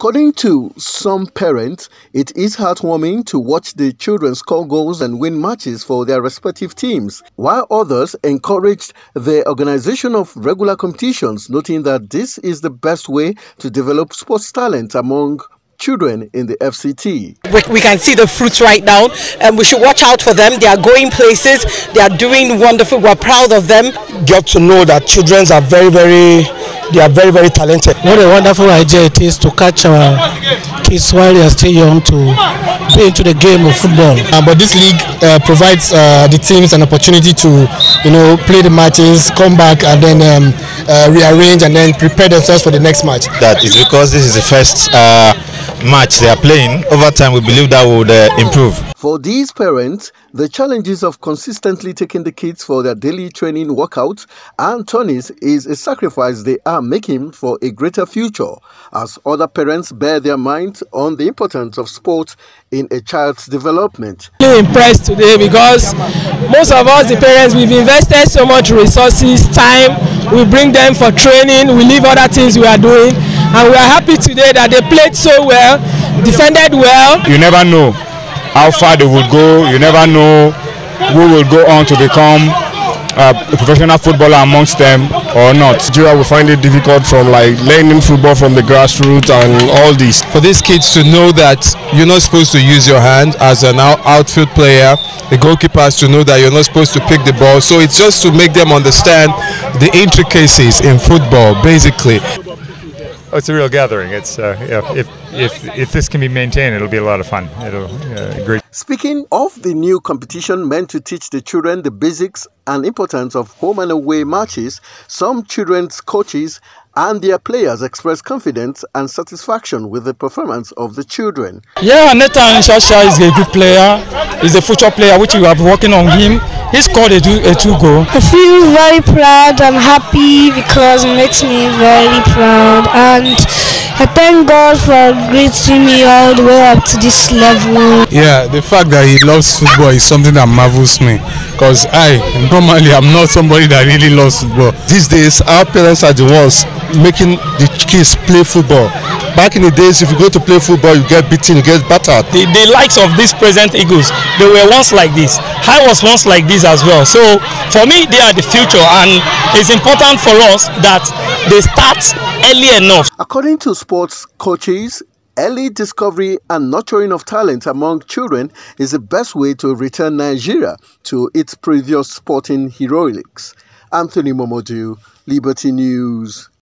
According to some parents, it is heartwarming to watch the children score goals and win matches for their respective teams, while others encouraged the organization of regular competitions, noting that this is the best way to develop sports talent among children in the FCT. We, we, can see the fruits right now and we should watch out for them. They are going places, they are doing wonderful, we're proud of them. Get to know that children are very, very, they are very, very talented. What a wonderful idea it is to catch our kids while they are still young to be into the game of football. Uh, but this league uh, provides uh, the teams an opportunity to, you know, play the matches, come back and then um, uh, rearrange and then prepare themselves for the next match. That is because this is the first uh, match they are playing, over time we believe that would uh, improve. For these parents, the challenges of consistently taking the kids for their daily training workouts and tourneys is a sacrifice they are making for a greater future, as other parents bear their minds on the importance of sport in a child's development. I'm really impressed today because most of us, the parents, we've invested so much resources, time, we bring them for training, we leave other things we are doing and we are happy today that they played so well, defended well. You never know how far they would go. You never know who will go on to become uh, a professional footballer amongst them or not. Jura will find it difficult from like learning football from the grassroots and all this. For these kids to know that you're not supposed to use your hand as an out outfield player, the goalkeepers to know that you're not supposed to pick the ball. So it's just to make them understand the intricacies in football, basically. Oh, it's a real gathering. It's uh, if, if if this can be maintained, it'll be a lot of fun. It'll uh, great. Speaking of the new competition meant to teach the children the basics and importance of home and away matches, some children's coaches and their players expressed confidence and satisfaction with the performance of the children. Yeah, Nathan Shasha is a good player. He's a future player, which we are working on him. He scored a two, a two goal. I feel very proud and happy because it makes me very proud. And I thank God for greeting me all the way up to this level. Yeah, the fact that he loves football is something that marvels me. Because I, normally, I'm not somebody that really loves football. These days, our parents are the ones making the kids play football. Back in the days, if you go to play football, you get beaten, you get battered. The, the likes of these present Eagles, they were once like this. I was once like this as well. So for me, they are the future, and it's important for us that they start early enough. According to sports coaches, early discovery and nurturing of talent among children is the best way to return Nigeria to its previous sporting heroics. Anthony Momodu, Liberty News.